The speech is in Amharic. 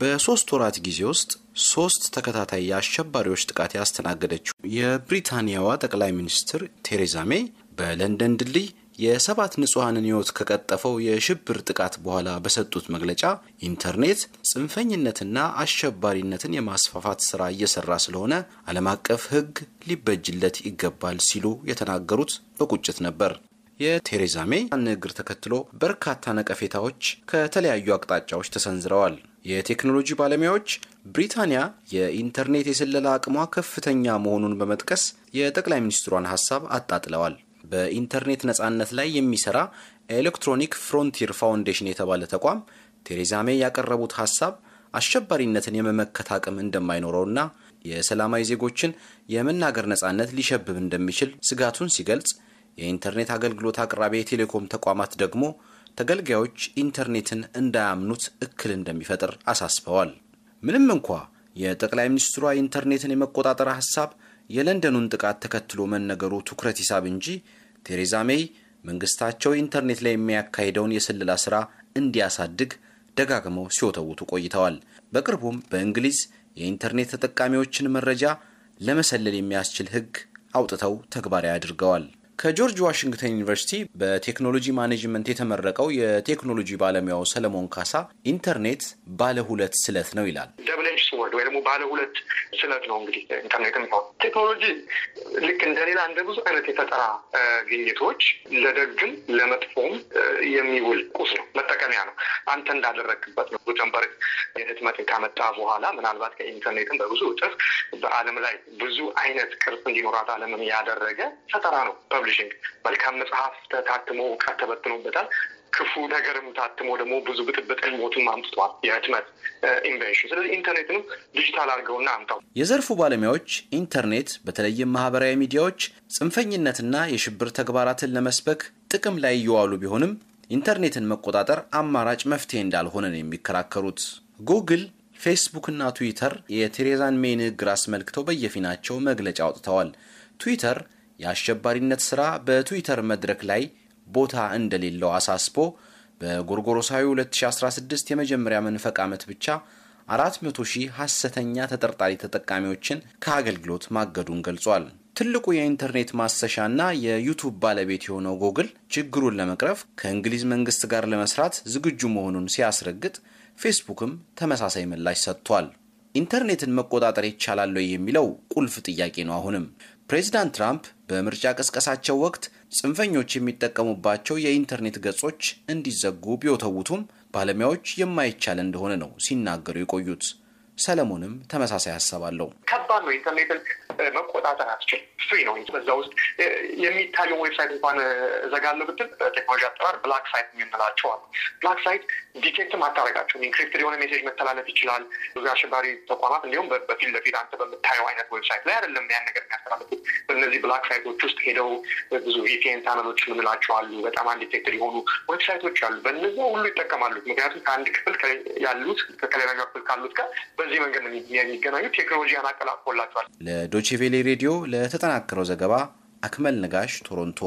በሶስት ወራት ጊዜ ውስጥ ሶስት ተከታታይ የአሸባሪዎች ጥቃት ያስተናገደችው የብሪታንያዋ ጠቅላይ ሚኒስትር ቴሬዛ ሜይ በለንደን ድልድይ የሰባት ንጹሐንን ሕይወት ከቀጠፈው የሽብር ጥቃት በኋላ በሰጡት መግለጫ ኢንተርኔት ጽንፈኝነትና አሸባሪነትን የማስፋፋት ሥራ እየሠራ ስለሆነ ዓለም አቀፍ ሕግ ሊበጅለት ይገባል ሲሉ የተናገሩት በቁጭት ነበር። የቴሬዛ ሜይ ንግግር ተከትሎ በርካታ ነቀፌታዎች ከተለያዩ አቅጣጫዎች ተሰንዝረዋል። የቴክኖሎጂ ባለሙያዎች ብሪታንያ የኢንተርኔት የስለላ አቅሟ ከፍተኛ መሆኑን በመጥቀስ የጠቅላይ ሚኒስትሯን ሀሳብ አጣጥለዋል። በኢንተርኔት ነጻነት ላይ የሚሰራ ኤሌክትሮኒክ ፍሮንቲር ፋውንዴሽን የተባለ ተቋም ቴሬዛ ሜይ ያቀረቡት ሀሳብ አሸባሪነትን የመመከት አቅም እንደማይኖረውና የሰላማዊ ዜጎችን የመናገር ነጻነት ሊሸብብ እንደሚችል ስጋቱን ሲገልጽ የኢንተርኔት አገልግሎት አቅራቢ የቴሌኮም ተቋማት ደግሞ ተገልጋዮች ኢንተርኔትን እንዳያምኑት እክል እንደሚፈጥር አሳስበዋል። ምንም እንኳ የጠቅላይ ሚኒስትሯ ኢንተርኔትን የመቆጣጠር ሀሳብ የለንደኑን ጥቃት ተከትሎ መነገሩ ትኩረት ይሳብ እንጂ ቴሬዛ ሜይ መንግስታቸው ኢንተርኔት ላይ የሚያካሂደውን የስለላ ስራ እንዲያሳድግ ደጋግመው ሲወተውቱ ቆይተዋል። በቅርቡም በእንግሊዝ የኢንተርኔት ተጠቃሚዎችን መረጃ ለመሰለል የሚያስችል ሕግ አውጥተው ተግባራዊ አድርገዋል። ከጆርጅ ዋሽንግተን ዩኒቨርሲቲ በቴክኖሎጂ ማኔጅመንት የተመረቀው የቴክኖሎጂ ባለሙያው ሰለሞን ካሳ ኢንተርኔት ባለ ሁለት ስለት ነው ይላል። ደብል ኤጅ ስወርድ ወይ ደግሞ ባለ ሁለት ስለት ነው እንግዲህ ኢንተርኔት ቴክኖሎጂ ልክ እንደሌላ እንደ ብዙ አይነት የፈጠራ ግኝቶች ለደግም ለመጥፎም የሚውል ቁስ ነው፣ መጠቀሚያ ነው። አንተ እንዳደረግክበት ነው። ጉተንበርግ የህትመትን ካመጣ በኋላ ምናልባት ከኢንተርኔትን በብዙ እጥፍ በዓለም ላይ ብዙ አይነት ቅርጽ እንዲኖራት ዓለምም ያደረገ ፈጠራ ነው። ፐብሊሽንግ መልካም መጽሐፍ ተታትሞ ተበትኖበታል። ክፉ ነገርም ታትሞ ደግሞ ብዙ ብጥብጥን ሞቱን አምጥቷል። የህትመት ኢንቨንሽን። ስለዚህ ኢንተርኔትንም ዲጂታል አድርገውና አምጣው። የዘርፉ ባለሙያዎች ኢንተርኔት በተለይም ማህበራዊ ሚዲያዎች ጽንፈኝነትና የሽብር ተግባራትን ለመስበክ ጥቅም ላይ እየዋሉ ቢሆንም ኢንተርኔትን መቆጣጠር አማራጭ መፍትሄ እንዳልሆነ ነው የሚከራከሩት። ጉግል፣ ፌስቡክ እና ትዊተር የቴሬዛን ሜይ ንግግር አስመልክተው በየፊናቸው መግለጫ አውጥተዋል። ትዊተር የአሸባሪነት ስራ በትዊተር መድረክ ላይ ቦታ እንደሌለው አሳስቦ በጎርጎሮሳዊ 2016 የመጀመሪያ መንፈቅ ዓመት ብቻ 400 ሺህ ሐሰተኛ ተጠርጣሪ ተጠቃሚዎችን ከአገልግሎት ማገዱን ገልጿል። ትልቁ የኢንተርኔት ማሰሻና የዩቱብ ባለቤት የሆነው ጎግል ችግሩን ለመቅረፍ ከእንግሊዝ መንግስት ጋር ለመስራት ዝግጁ መሆኑን ሲያስረግጥ፣ ፌስቡክም ተመሳሳይ ምላሽ ሰጥቷል። ኢንተርኔትን መቆጣጠር ይቻላል የሚለው ቁልፍ ጥያቄ ነው። አሁንም ፕሬዚዳንት ትራምፕ በምርጫ ቀስቀሳቸው ወቅት ጽንፈኞች የሚጠቀሙባቸው የኢንተርኔት ገጾች እንዲዘጉ ቢወተውቱም ባለሙያዎች የማይቻል እንደሆነ ነው ሲናገሩ የቆዩት። ሰለሞንም ተመሳሳይ ሀሳብ አለው። ከባድ ነው። ኢንተርኔትን መቆጣጠር አትችልም። ፍሪ ነው እንጂ በዛ ውስጥ የሚታየውን ዌብሳይት እንኳን ዘጋለሁ ብትል በቴክኖሎጂ አጠራር ብላክ ሳይት የምንላቸው አሉ። ብላክ ሳይት ዲቴክትም አታረጋቸውም። ኢንክሪፕትድ የሆነ ሜሴጅ መተላለፍ ይችላል። ብዙ አሸባሪ ተቋማት እንዲሁም በፊት ለፊት አንተ በምታየው አይነት ዌብሳይት ላይ አይደለም ያን ነገር የሚያስተላልፉት። በእነዚህ ብላክ ሳይቶች ውስጥ ሄደው ብዙ ቪፒኤን ታነሎች የምንላቸው አሉ። በጣም አንዲቴክትድ የሆኑ ዌብሳይቶች አሉ። በነዚ ሁሉ ይጠቀማሉ። ምክንያቱም ከአንድ ክፍል ያሉት ከሌላኛው ክፍል ካሉት ጋር በዚህ መንገድ የሚገናኙ ቴክኖሎጂ ያናቀላቅፎላቸዋል። ለዶቼ ቬሌ ሬዲዮ ለተጠና ለተጠናከረው ዘገባ አክመል ነጋሽ ቶሮንቶ